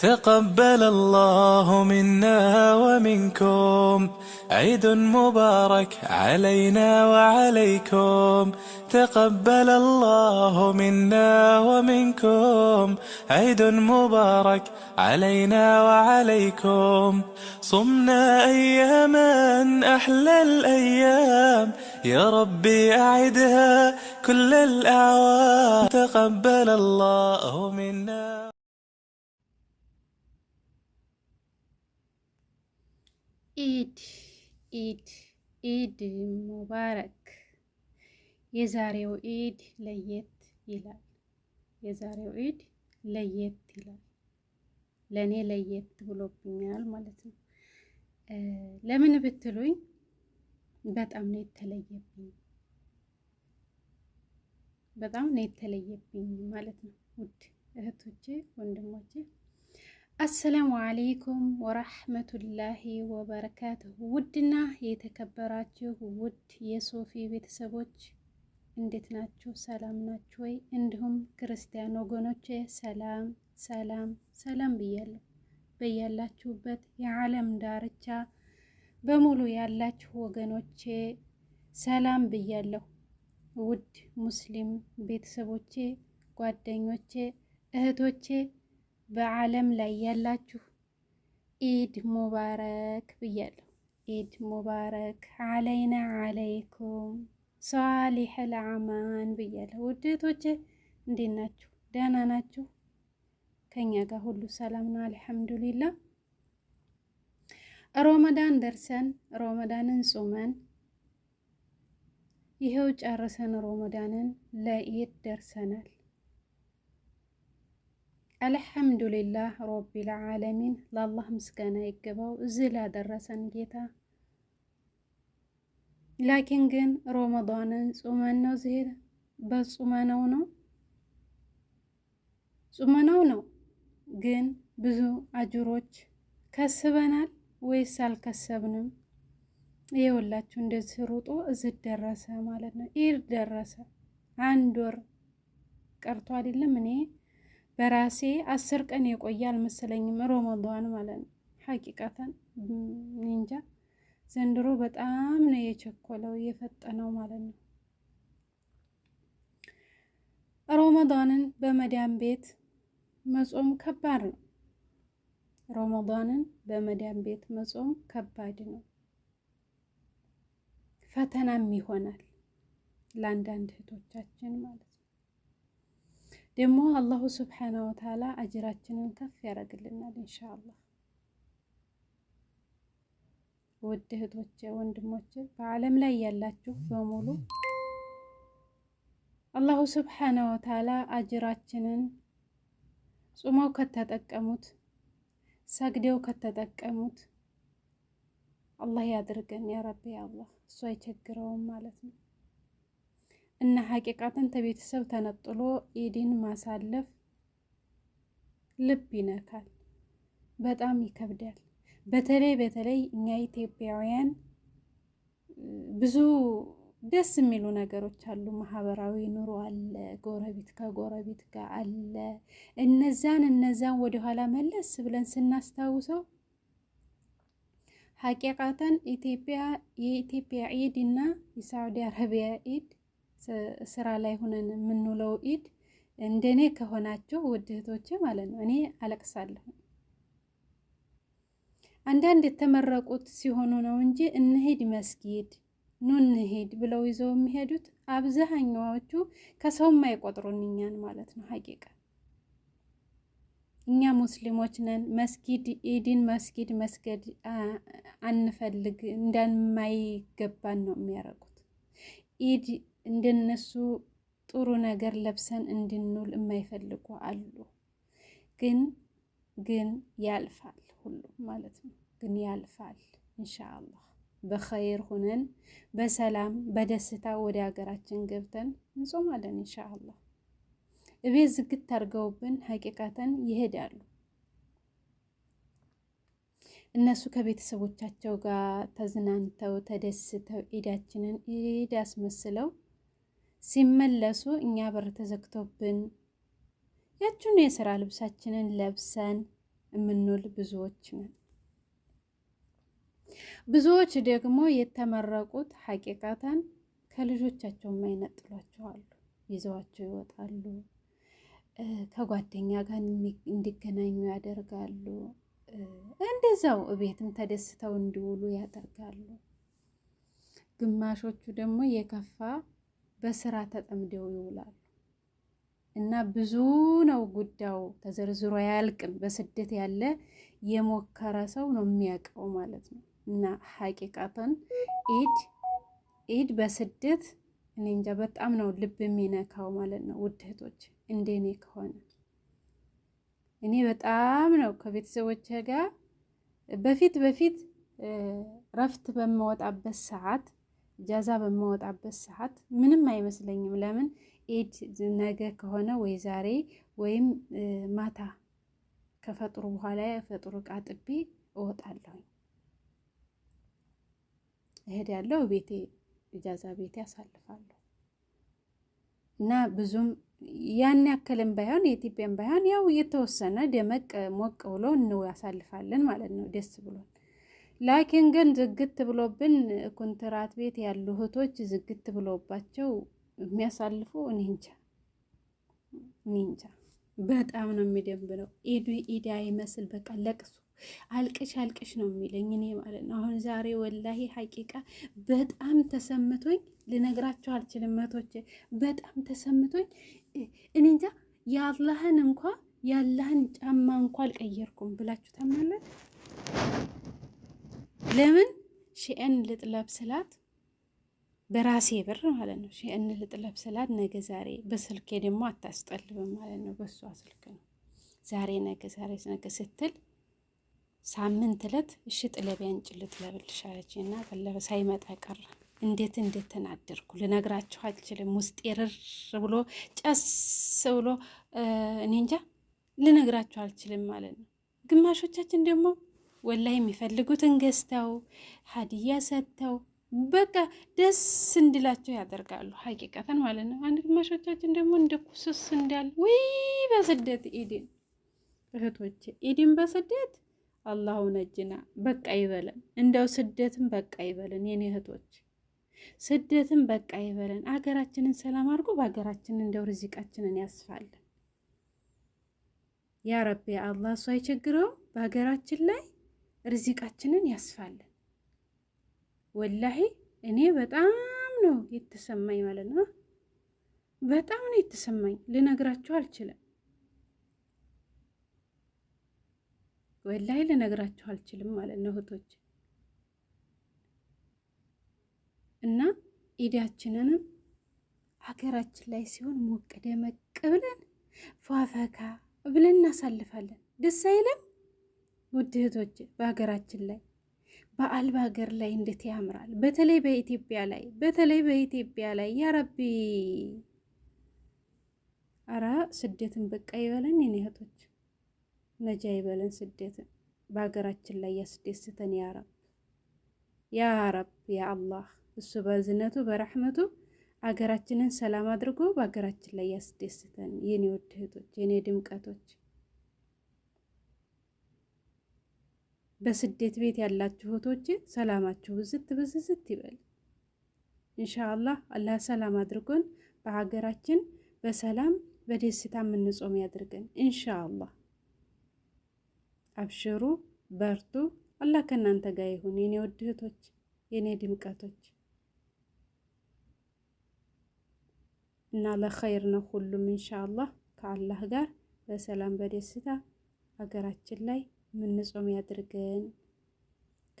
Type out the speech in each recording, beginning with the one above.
تقبل الله منا ومنكم عيد مبارك علينا وعليكم تقبل الله منا ومنكم عيد مبارك علينا وعليكم صمنا أياما أحلى الأيام يا ربي أعدها كل الأعوام تقبل الله منا ኢድ ኢድ ኢድ ሙባረክ። የዛሬው ኢድ ለየት ይላል። የዛሬው ኢድ ለየት ይላል። ለእኔ ለየት ብሎብኛል ማለት ነው። ለምን ብትሉኝ በጣም ነው የተለየብኝ፣ በጣም ነው የተለየብኝ ማለት ነው። ውድ እህቶቼ ወንድሞቼ አሰላሙ አለይኩም ወራህመቱላሂ ወበረካቱሁ። ውድና የተከበራችሁ ውድ የሶፊ ቤተሰቦች እንዴት ናችሁ? ሰላም ናችሁ ወይ? እንዲሁም ክርስቲያን ወገኖቼ ሰላም ሰላም ሰላም ብያለሁ። በያላችሁበት የዓለም ዳርቻ በሙሉ ያላችሁ ወገኖቼ ሰላም ብያለሁ። ውድ ሙስሊም ቤተሰቦቼ፣ ጓደኞቼ፣ እህቶቼ በዓለም ላይ ያላችሁ ኢድ ሙባረክ ብያለሁ። ኢድ ሙባረክ አለይና አለይኩም ሷሊሕ ለአማን ብያለሁ። ውዴቶቼ እንዴት ናችሁ? ደህና ናችሁ? ከኛ ጋር ሁሉ ሰላም ነው አልሐምዱሊላ። ሮመዳን ደርሰን ሮመዳንን ጾመን ይኸው ጨርሰን ሮመዳንን ለኢድ ደርሰናል። አልሐምዱሊላህ ረቢል ዓለሚን ለአላህ ምስጋና ይገባው እዚህ ላደረሰን ጌታ። ላኪን ግን ሮመዳንን ጾመን ነው ዝሄድ በጾመነው ነው ጾመነው ነው ግን ብዙ አጅሮች ከስበናል ወይስ አልከሰብንም? ይኸውላችሁ እንደዚህ ሩጦ እዚህ ደረሰ ማለት ነው። ኢድ ደረሰ አንድ ወር ቀርቶ አይደለም እኔ በራሴ አስር ቀን የቆየ አልመሰለኝም ሮመዷን ማለት ነው። ሀቂቃተን እንጃ ዘንድሮ በጣም ነው የቸኮለው የፈጠነው ማለት ነው። ሮመዷንን በመዳም ቤት መጾም ከባድ ነው። ሮመዷንን በመዳም ቤት መጾም ከባድ ነው። ፈተናም ይሆናል ለአንዳንድ እህቶቻችን ማለት ነው። ደግሞ አላሁ ስብሓነ ወተዓላ አጅራችንን ከፍ ያደርግልናል ኢንሻአላህ። ውድ እህቶቼ ወንድሞቼ፣ በዓለም ላይ ያላችሁ በሙሉ አላሁ ስብሓነ ወተዓላ አጅራችንን ጾመው ከተጠቀሙት ሰግደው ከተጠቀሙት አላህ ያድርገን። ያ ረቢ አላህ እሱ አይቸግረውም ማለት ነው። እና ሀቂቃትን ከቤተሰብ ተነጥሎ ኢድን ማሳለፍ ልብ ይነካል፣ በጣም ይከብዳል። በተለይ በተለይ እኛ ኢትዮጵያውያን ብዙ ደስ የሚሉ ነገሮች አሉ። ማህበራዊ ኑሮ አለ፣ ጎረቤት ከጎረቤት ጋር አለ። እነዛን እነዛን ወደኋላ መለስ ብለን ስናስታውሰው ሐቂቃተን ኢትዮጵያ የኢትዮጵያ ኢድ እና የሳዑዲ አረቢያ ኢድ ስራ ላይ ሆነን የምንውለው ኢድ እንደኔ ከሆናችሁ ውድ ማለት ነው እኔ አለቅሳለሁ። አንዳንድ የተመረቁት ሲሆኑ ነው እንጂ እንሄድ መስጊድ ኑ እንሄድ ብለው ይዘው የሚሄዱት አብዛኛዎቹ ከሰው የማይቆጥሩን እኛን ማለት ነው ሀቂቃ እኛ ሙስሊሞች ነን። መስጊድ ኢድን መስጊድ መስገድ አንፈልግ እንደማይገባን ነው የሚያደርጉት ኢድ እንደነሱ ጥሩ ነገር ለብሰን እንድንውል የማይፈልጉ አሉ። ግን ግን ያልፋል፣ ሁሉም ማለት ነው። ግን ያልፋል ኢንሻአላህ በኸይር ሁነን በሰላም በደስታ ወደ ሀገራችን ገብተን እንጾማለን ኢንሻአላህ። እቤት ዝግት አድርገውብን ሀቂቃተን ይሄዳሉ። እነሱ ከቤተሰቦቻቸው ጋር ተዝናንተው ተደስተው ኢዳችንን ኢድ አስመስለው ሲመለሱ እኛ በር ተዘግቶብን ያችን የስራ ልብሳችንን ለብሰን የምንውል ብዙዎች ነን። ብዙዎች ደግሞ የተመረቁት ሐቂቃታን ከልጆቻቸው የማይነጥሏቸዋሉ ይዘዋቸው ይወጣሉ። ከጓደኛ ጋር እንዲገናኙ ያደርጋሉ። እንደዛው እቤትም ተደስተው እንዲውሉ ያደርጋሉ። ግማሾቹ ደግሞ የከፋ በስራ ተጠምደው ይውላሉ እና ብዙ ነው ጉዳዩ፣ ተዘርዝሮ አያልቅም። በስደት ያለ የሞከረ ሰው ነው የሚያውቀው ማለት ነው። እና ሀቂቃተን ኢድ ኢድ በስደት እኔ እንጃ በጣም ነው ልብ የሚነካው ማለት ነው። ውድ እህቶች እንደኔ ከሆነ እኔ በጣም ነው ከቤተሰቦች ጋር በፊት በፊት ረፍት በምወጣበት ሰዓት ጃዛ በማወጣበት ሰዓት ምንም አይመስለኝም። ለምን ኤድ ነገ ከሆነ ወይ ዛሬ ወይም ማታ ከፈጥሩ በኋላ የፈጥሩ ዕቃ ጥቤ እወጣለሁ፣ እሄዳለሁ፣ ቤቴ እጃዛ ቤቴ አሳልፋለሁ እና ብዙም ያን ያክልም ባይሆን የኢትዮጵያን ባይሆን ያው የተወሰነ ደመቅ ሞቅ ብሎ እንው ያሳልፋለን ማለት ነው ደስ ብሎን ላኪን ግን ዝግት ብሎብን ኮንትራት ቤት ያሉ እህቶች ዝግት ብሎባቸው የሚያሳልፉ እኔ እንጃ እኔ እንጃ። በጣም ነው የሚደንብ ነው። ኢዱ ኢዳ አይመስል በቃ ለቅሱ አልቅሽ አልቅሽ ነው የሚለኝ እኔ ማለት ነው። አሁን ዛሬ ወላሂ ሀቂቃ በጣም ተሰምቶኝ ልነግራቸው አልችልም። መቶች በጣም ተሰምቶኝ እኔ እንጃ የአላህን እንኳ የአላህን ጫማ እንኳ አልቀየርኩም ብላችሁ ታምናላችሁ? ለምን ሺእን ልጥለብ ስላት በራሴ ብር ማለት ነው። ሺእን ልጥለብ ስላት ነገ ዛሬ በስልኬ ደግሞ አታስጠልብም ማለት ነው። በሷ ስልክ ነው ዛሬ ነገ ዛሬ ነገ ስትል ሳምንት እለት እሺ ጥለቢያ እንጭ ልጥለብልሽ አለች እና ቀለበ ሳይመጣ ቀረ። እንዴት እንዴት ተናደርኩ ልነግራችሁ አልችልም። ውስጥ የርር ብሎ ጨስ ብሎ እኔ እንጃ ልነግራችሁ አልችልም ማለት ነው። ግማሾቻችን ደግሞ ወላ የሚፈልጉትን ገዝተው ሀዲያ ሰጥተው በቃ ደስ እንድላቸው ያደርጋሉ። ሀቂቀተን ማለት ነው። አንድ ግማሾቻችን ደግሞ እንደ ኩስስ እንዳል ወይ በስደት ኢድን እህቶች ኢድን በስደት አላሁ ነጅና በቃ ይበለን። እንደው ስደትን በቃ ይበለን። የኔ እህቶች ስደትን በቃ ይበለን። አገራችንን ሰላም አድርጎ በሀገራችን እንደው ርዚቃችንን ያስፋለን። ያ ረቢ አላህ እሱ አይቸግረውም በሀገራችን ላይ ርዚቃችንን ያስፋለን ወላሂ እኔ በጣም ነው የተሰማኝ ማለት ነው። በጣም ነው የተሰማኝ ልነግራችሁ አልችልም። ወላሂ ልነግራችሁ አልችልም ማለት ነው እህቶች እና ኢዳችንንም ሀገራችን ላይ ሲሆን ሞቅ ደመቅ ብለን ፏፈካ ብለን እናሳልፋለን። ደስ አይለም? ውድ እህቶች በሀገራችን ላይ በአል ሀገር ላይ እንዴት ያምራል! በተለይ በኢትዮጵያ ላይ በተለይ በኢትዮጵያ ላይ ያረቢ አራ ስደትን በቃ ይበለን። የኔ እህቶች ነጃ ይበለን ስደትን። በሀገራችን ላይ ያስደስተን ያረብ ያረብ ያአላህ እሱ በዝነቱ በረሕመቱ አገራችንን ሰላም አድርጎ በሀገራችን ላይ ያስደስተን። የኔ ውድ እህቶች የኔ ድምቀቶች በስደት ቤት ያላችሁ እህቶች ሰላማችሁ ብዝት ብዝዝት ይበል። ኢንሻአላህ አላህ ሰላም አድርጎን በሀገራችን በሰላም በደስታ የምንጾም ያድርገን። ኢንሻአላህ አብሽሩ፣ በርቱ። አላህ ከእናንተ ጋር ይሁን የኔ ውድ እህቶች፣ የኔ ድምቀቶች እና ለኸይር ነው ሁሉም ኢንሻአላህ ከአላህ ጋር በሰላም በደስታ ሀገራችን ላይ ምንጾም ያድርገን።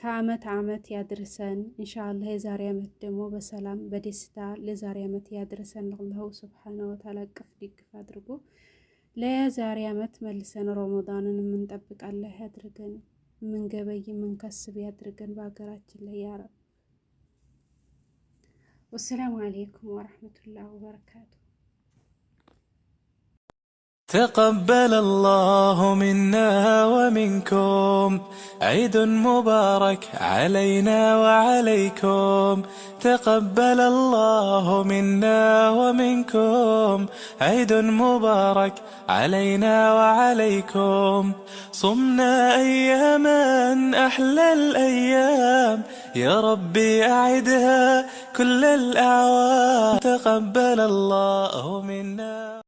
ከአመት አመት ያድርሰን እንሻአላህ። የዛሬ አመት ደግሞ በሰላም በደስታ ለዛሬ አመት ያድርሰን። አላሁ ስብሓነ ወተዓላ ቅፍ ድግፍ አድርጎ ለዛሬ አመት መልሰን ሮሞዳንን የምንጠብቃለህ ያድርገን። ምንገበይ ምንከስብ ያድርገን በሀገራችን ላይ ያረብ። ወሰላሙ አሌይኩም ወረህመቱላህ ወበረካቱ تقبل الله منا ومنكم عيد مبارك علينا وعليكم تقبل الله منا ومنكم عيد مبارك علينا وعليكم صمنا أياما أحلى الأيام يا ربي أعدها كل الأعوام تقبل الله منا